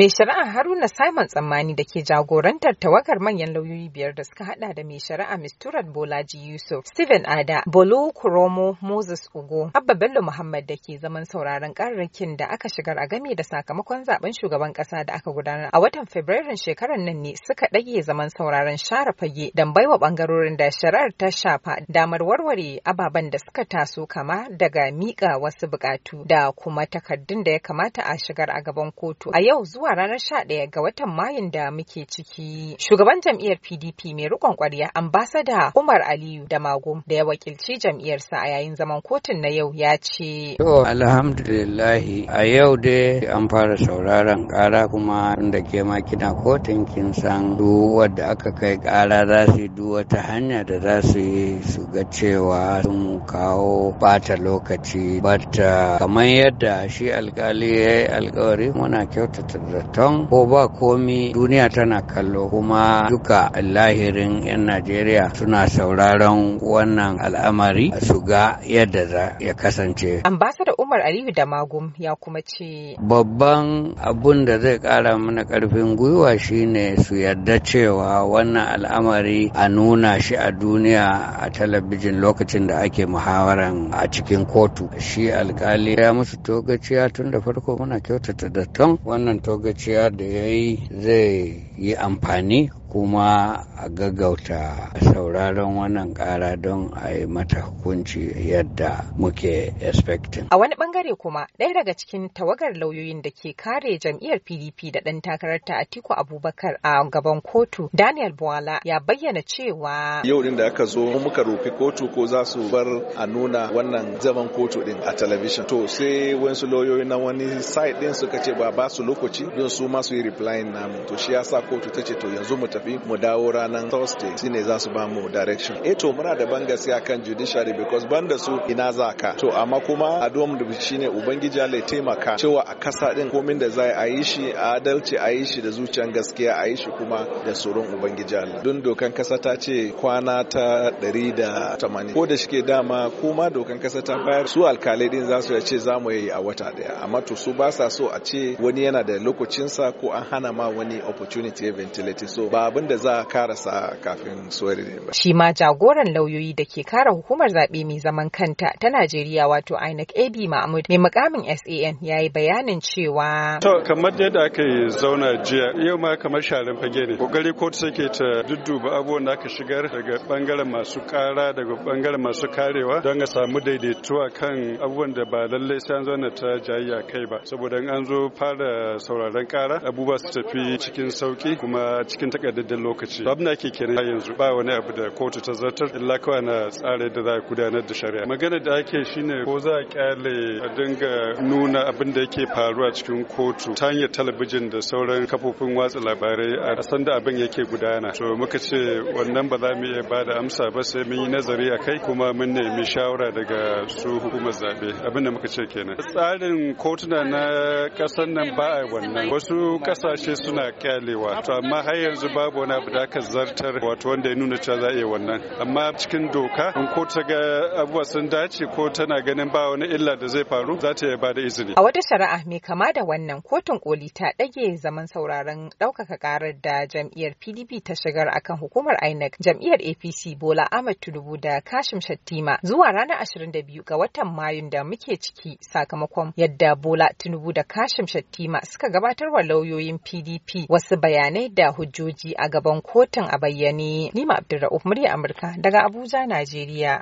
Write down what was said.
Mai shari'a Haruna Simon Tsammani da ke jagorantar tawagar manyan lauyoyi biyar da suka hada da mai shari'a Misturat Bolaji Yusuf, Stephen Ada, Bolo Kuromo Moses Ugo, Abba Bello Muhammad da ke zaman sauraron kararrakin da aka shigar a game da sakamakon zaben shugaban kasa da aka gudanar a watan Fabrairun shekarar nan ne suka ɗage zaman sauraron share fage don baiwa bangarorin da shari'ar ta shafa damar warware ababen da suka taso kama daga miƙa wasu buƙatu da kuma takardun da ya kamata a shigar a gaban kotu a yau zuwa zuwa ranar 11 ga watan Mayun da muke ciki. Shugaban jam'iyyar PDP mai rikon kwarya ambasada Umar Aliyu da Magum da ya wakilci jam'iyyarsa a yayin zaman kotun na yau ya ce. To a yau dai an fara sauraron kara kuma da ke ma kina kotun kin san duk wadda aka kai ƙara za su yi wata hanya da za su yi su ga cewa sun kawo bata lokaci bata kamar yadda shi alkali ya yi alkawari muna kyautata da zaton ko ba komi duniya tana kallo kuma duka lahirin 'yan najeriya suna sauraron wannan al'amari su ga yadda za ya kasance ambasada umar aliyu da magum ya kuma ce babban abun da zai kara mana karfin gwiwa shine su yarda cewa wannan al'amari a nuna shi a duniya a talabijin lokacin da ake muhawaran a cikin kotu shi alkali ya musu togaciya tun da farko muna kyautata da ton wannan togaciya togaciya da ya yi zai yi amfani kuma a gaggauta sauraron wannan kara don a yi mata hukunci yadda muke expecting. A wani bangare kuma ɗaya daga cikin tawagar lauyoyin da ke kare jam'iyyar PDP da ɗan takararta Atiku Abubakar a gaban kotu Daniel Bwala ya bayyana cewa. Yau din da aka zo muka rufe kotu ko za su bar a nuna wannan zaman kotu din a talabijin? To sai wasu lauyoyi na wani site din suka ce ba ba su lokaci don su ma su yi replying namu. To shi yasa kotu ta ce to yanzu mu tafi tafi mu dawo ranar thursday shine za su ba mu direction eh to muna da ban gaskiya kan judiciary because ban da su ina za ka to amma kuma a dom da shine ubangiji Allah ya taimaka cewa a kasa din komin da za a yi shi a adalci a yi shi da zuciyar gaskiya a yi shi kuma da tsoron ubangiji Allah don dokan kasa ta ce kwana ta 180 ko da shike dama kuma dokan kasa ta bayar su alkalai din za su ya ce za mu yi a wata daya amma to su ba sa so a ce wani yana da lokacinsa ko an hana ma wani opportunity ya ventilate so ba abin da za a karasa kafin suwari ba. Shi ma jagoran lauyoyi da ke kare hukumar zaɓe mai zaman kanta ta Najeriya wato INEC AB Mahmud mai mukamin SAN ya yi bayanin cewa. To kamar yadda aka yi zauna jiya yau ma kamar sharan fage ne. Kokari kotu take ta dudduba abubuwan da aka shigar daga bangaren masu kara daga bangaren masu karewa don a samu daidaituwa kan abubuwan da ba lallai sai an zauna ta jayayya kai ba saboda an zo fara sauraron kara abubuwa su tafi cikin sauki kuma cikin takardar ƙayyadadden lokaci abin da ake kenan yanzu ba wani abu da kotu ta zartar illa kawai na tsare da za a gudanar da shari'a magana da ake shine ko za a kyale a dinga nuna abin da yake faruwa cikin kotu ta hanyar talabijin da sauran kafofin watsa labarai a san da abin yake gudana to muka ce wannan ba za mu iya ba da amsa ba sai mun yi nazari a kai kuma mun nemi shawara daga su hukumar zaɓe abin da muka ce kenan tsarin kotuna na ƙasar nan ba a wannan wasu kasashe suna kyalewa to amma har yanzu ba babu wani abu da aka zartar wato wanda ya nuna cewa za a iya wannan amma cikin doka in ko ta ga abubuwa sun dace ko tana ganin ba wani illa da zai faru za ta iya ba da izini a wata shari'a mai kama da wannan kotun koli ta ɗage zaman sauraron ɗaukaka karar da jam'iyyar pdp ta shigar akan hukumar inec jam'iyyar apc bola ahmad tinubu da kashim shattima zuwa ranar 22 ga watan mayun da muke ciki sakamakon yadda bola tinubu da kashim shattima suka gabatar wa lauyoyin pdp wasu bayanai da hujjoji a gaban kotun a bayyane. Nima Abdulra'uf murya Amurka daga Abuja, Najeriya.